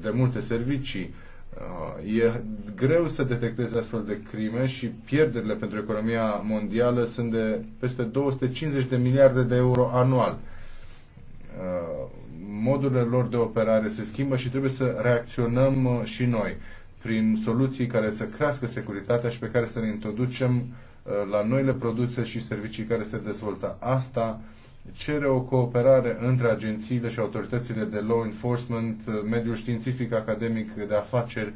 de multe servicii Uh, e greu să detecteze astfel de crime și pierderile pentru economia mondială sunt de peste 250 de miliarde de euro anual. Uh, modurile lor de operare se schimbă și trebuie să reacționăm uh, și noi prin soluții care să crească securitatea și pe care să ne introducem la noile produse și servicii care se dezvoltă. Asta cere o cooperare între agențiile și autoritățile de law enforcement, mediul științific, academic, de afaceri,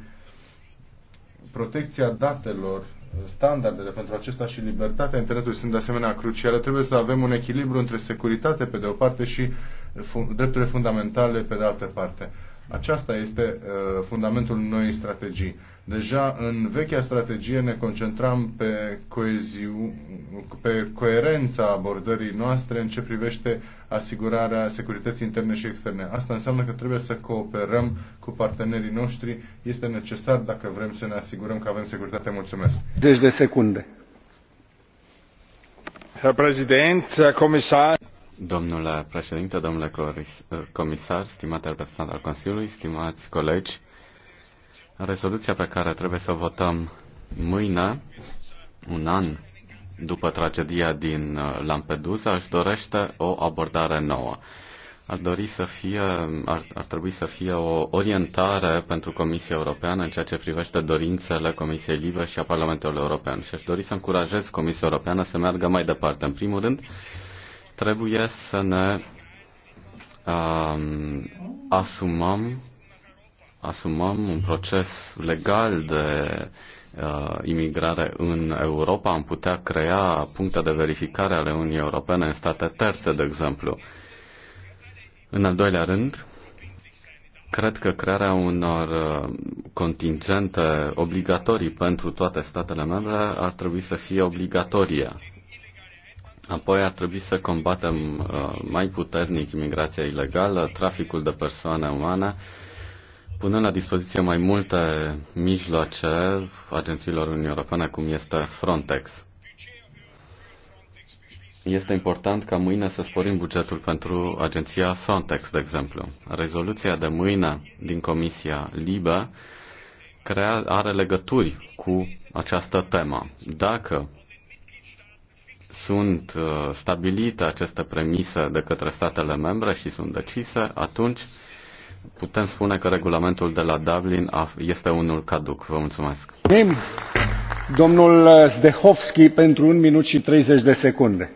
protecția datelor, standardele pentru acesta și libertatea internetului sunt de asemenea cruciale. Trebuie să avem un echilibru între securitate pe de o parte și drepturile fundamentale pe de altă parte. Aceasta este uh, fundamentul noii strategii. Deja în vechea strategie ne concentram pe, coeziu, pe coerența abordării noastre în ce privește asigurarea securității interne și externe. Asta înseamnă că trebuie să cooperăm cu partenerii noștri. Este necesar dacă vrem să ne asigurăm că avem securitate. Mulțumesc. Deci de secunde. Herr Präsident, Herr Kommissar. Domnule președinte, domnule eh, comisar, stimate reprezentant al Consiliului, stimați colegi, rezoluția pe care trebuie să o votăm mâine, un an după tragedia din eh, Lampedusa, își dorește o abordare nouă. Ar, dori să fie, ar, ar trebui să fie o orientare pentru Comisia Europeană în ceea ce privește dorințele Comisiei Libre și a Parlamentului European. Și aș dori să încurajez Comisia Europeană să meargă mai departe. În primul rând, Trebuie să ne um, asumăm, asumăm un proces legal de uh, imigrare în Europa. Am putea crea puncte de verificare ale Uniunii Europene în state terțe, de exemplu. În al doilea rând, cred că crearea unor uh, contingente obligatorii pentru toate statele membre ar trebui să fie obligatorie. Apoi ar trebui să combatem uh, mai puternic imigrația ilegală, traficul de persoane umane, punând la dispoziție mai multe mijloace agențiilor Uniunii Europene, cum este Frontex. Este important ca mâine să sporim bugetul pentru agenția Frontex, de exemplu. Rezoluția de mâine din Comisia Libă crea, are legături cu această temă. Dacă sunt uh, stabilite această premisă de către statele membre și sunt decise, atunci putem spune că regulamentul de la Dublin este unul caduc. Vă mulțumesc. Domnul Zdehovski pentru 1 minut și 30 de secunde.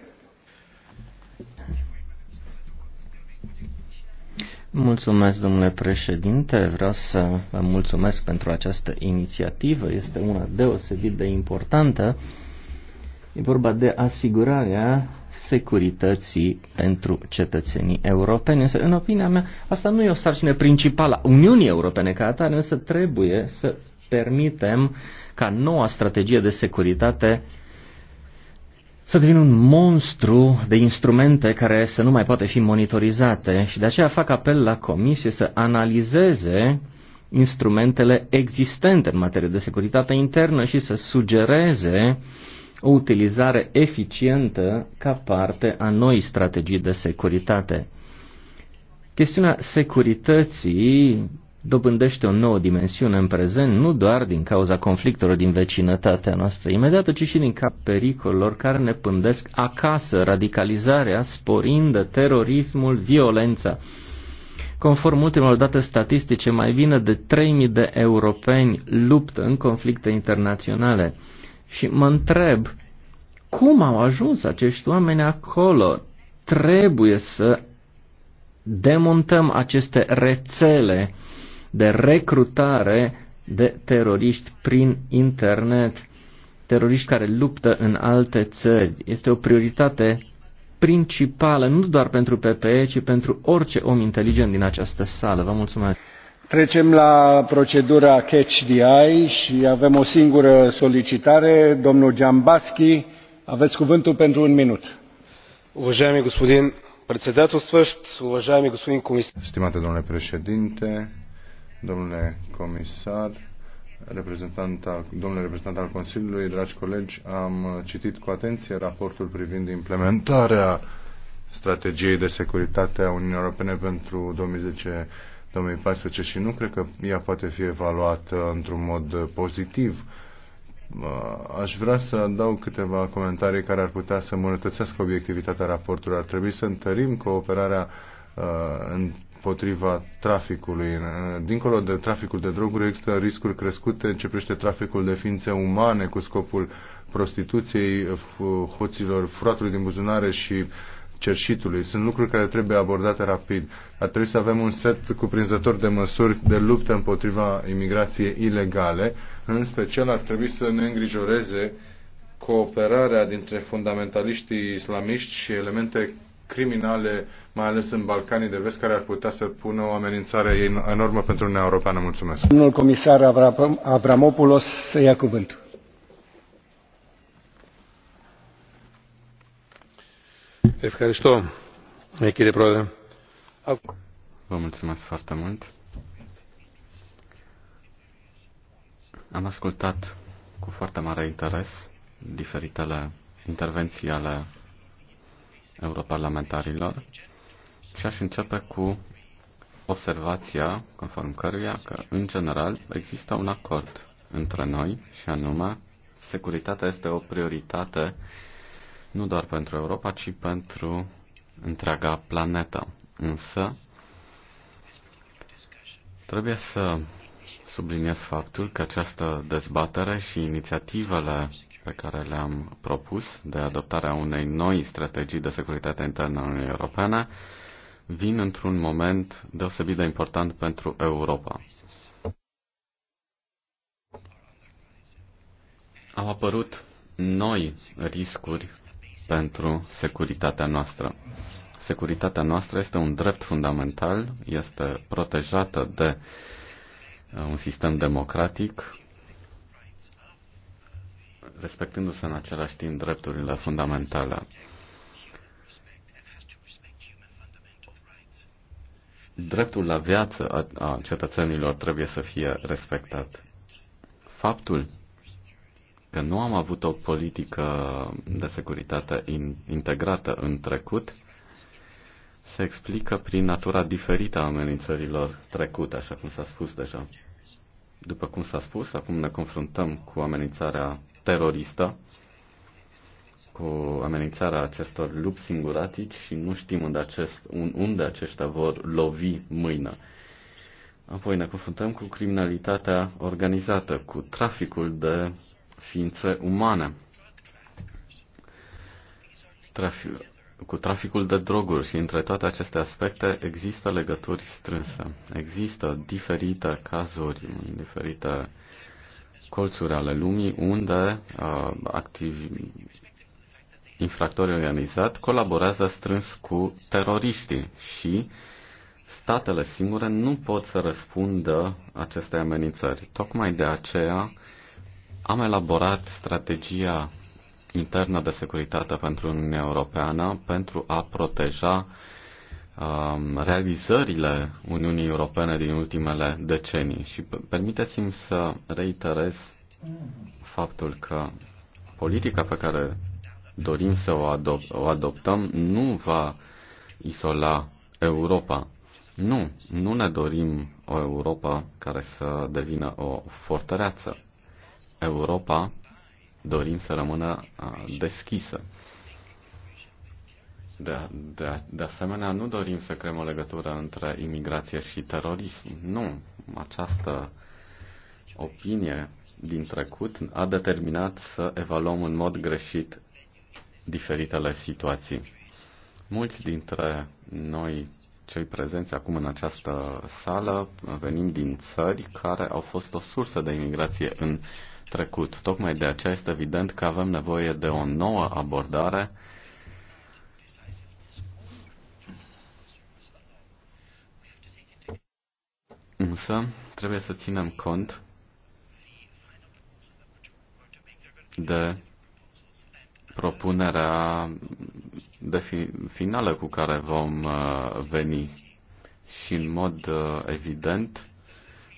Mulțumesc, domnule președinte. Vreau să vă mulțumesc pentru această inițiativă. Este una deosebit de importantă E vorba de asigurarea securității pentru cetățenii europeni. Însă, în opinia mea, asta nu e o sarcină principală a Uniunii Europene ca atare, însă trebuie să permitem ca noua strategie de securitate să devină un monstru de instrumente care să nu mai poate fi monitorizate și de aceea fac apel la Comisie să analizeze instrumentele existente în materie de securitate internă și să sugereze uh, o utilizare eficientă ca parte a noi strategii de securitate. Chestiunea securității dobândește o nouă dimensiune în prezent, nu doar din cauza conflictelor din vecinătatea noastră imediată, ci și din cap pericolelor care ne pândesc acasă, radicalizarea sporindă, terorismul, violența. Conform ultimelor date statistice, mai bine de 3.000 de europeni luptă în conflicte internaționale. Și mă întreb, cum au ajuns acești oameni acolo? Trebuie să demontăm aceste rețele de recrutare de teroriști prin internet, teroriști care luptă în alte țări. Este o prioritate principală, nu doar pentru PPE, ci pentru orice om inteligent din această sală. Vă mulțumesc! Trecem la procedura Catch the Eye și avem o singură solicitare. Domnul Giambaschi, aveți cuvântul pentru un minut. Уважаеми господин председателстващ, уважаеми господин комисар. Stimate domnule președinte, domnule comisar, reprezentanta domnule reprezentant al Consiliului, dragi colegi, am citit cu atenție raportul privind implementarea strategiei de securitate a Uniunii Europene pentru 2010 2014 și nu cred că ea poate fi evaluată într-un mod pozitiv. Uh, aș vrea să dau câteva comentarii care ar putea să îmbunătățească obiectivitatea raportului. Ar trebui să întărim cooperarea uh, împotriva traficului. Uh, dincolo de traficul de droguri există riscuri crescute în ce privește traficul de ființe umane cu scopul prostituției, hoților, fratului din buzunare și uh, cerșitului. Sunt lucruri care trebuie abordate rapid. Ar trebui să avem un set cuprinzător de măsuri de luptă împotriva imigrației ilegale. În special ar trebui să ne îngrijoreze cooperarea dintre fundamentaliștii islamiști și elemente criminale, mai ales în Balcanii de Vest, care ar putea să pună o amenințare enormă pentru Uniunea Europeană. Mulțumesc. Domnul comisar Avramopoulos să ia cuvântul. Vă mulțumesc foarte mult. Am ascultat cu foarte mare interes diferitele intervenții ale europarlamentarilor și aș începe cu observația conform căruia că, în general, există un acord între noi și anume securitatea este o prioritate nu doar pentru Europa, ci pentru întreaga planetă. Însă, trebuie să subliniez faptul că această dezbatere și inițiativele pe care le-am propus de adoptarea unei noi strategii de securitate internă în Europene vin într-un moment deosebit de important pentru Europa. Au apărut noi riscuri pentru securitatea noastră. Securitatea noastră este un drept fundamental, este protejată de uh, un sistem democratic, respectându-se în același timp drepturile fundamentale. Dreptul la viață a cetățenilor trebuie să fie respectat. Faptul că nu am avut o politică de securitate in, integrată în trecut, se explică prin natura diferită a amenințărilor trecute, așa cum s-a spus deja. După cum s-a spus, acum ne confruntăm cu amenințarea teroristă, cu amenințarea acestor lupi singuratici și nu știm unde, acest, unde aceștia vor lovi mâină. Apoi ne confruntăm cu criminalitatea organizată, cu traficul de ființe umane. Trafic, cu traficul de droguri și între toate aceste aspecte există legături strânse. Există diferite cazuri diferite colțuri ale lumii unde uh, activi, infractorii organizat colaborează strâns cu teroriștii și statele singure nu pot să răspundă aceste amenințări. Tocmai de aceea am elaborat strategia internă de securitate pentru Uniunea Europeană pentru a proteja um, realizările Uniunii Europene din ultimele decenii. Și permiteți-mi să reiterez faptul că politica pe care dorim să o, adop- o adoptăm nu va isola Europa. Nu, nu ne dorim o Europa care să devină o fortăreață. Europa dorim să rămână deschisă. De, de, de asemenea, nu dorim să creăm o legătură între imigrație și terorism. Nu. Această opinie din trecut a determinat să evaluăm în mod greșit diferitele situații. Mulți dintre noi, cei prezenți acum în această sală, venim din țări care au fost o sursă de imigrație în trecut. Tocmai de aceea este evident că avem nevoie de o nouă abordare Însă, trebuie să ținem cont de propunerea de fi- finală cu care vom uh, veni. Și, în mod uh, evident,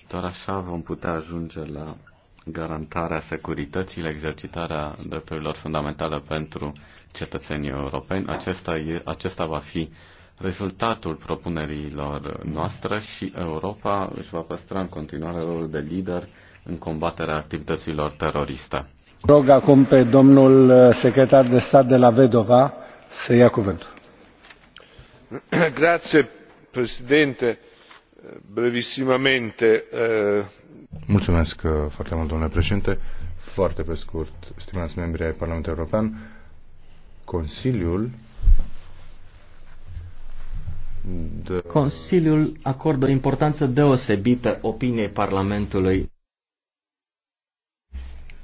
doar așa vom putea ajunge la garantarea securității, la exercitarea drepturilor fundamentale pentru cetățenii europeni. Acesta, e, acesta va fi rezultatul propunerilor noastre și Europa își va păstra în continuare rolul de lider în combaterea activităților teroriste. Rog acum pe domnul uh, secretar de stat de la Vedova să ia cuvântul. Grazie, președinte brevissimamente. Eh, Mulțumesc eh, foarte mult, domnule președinte. Foarte pe scurt, stimați membri ai Parlamentului European, Consiliul de... Consiliul acordă o importanță deosebită opiniei Parlamentului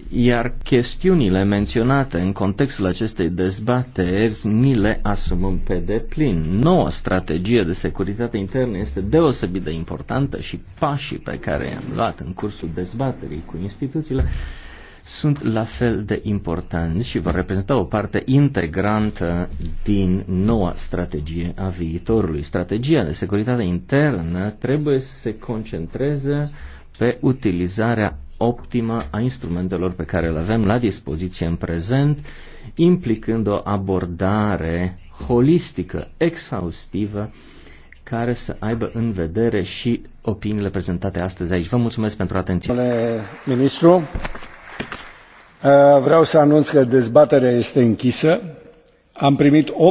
iar chestiunile menționate în contextul acestei dezbateri ni le asumăm pe deplin. Noua strategie de securitate internă este deosebit de importantă și pașii pe care i-am luat în cursul dezbaterii cu instituțiile sunt la fel de importanți și vor reprezenta o parte integrantă din noua strategie a viitorului. Strategia de securitate internă trebuie să se concentreze pe utilizarea optimă a instrumentelor pe care le avem la dispoziție în prezent, implicând o abordare holistică, exhaustivă, care să aibă în vedere și opiniile prezentate astăzi aici. Vă mulțumesc pentru atenție. Domnule ministru, uh, vreau să anunț că dezbaterea este închisă. Am primit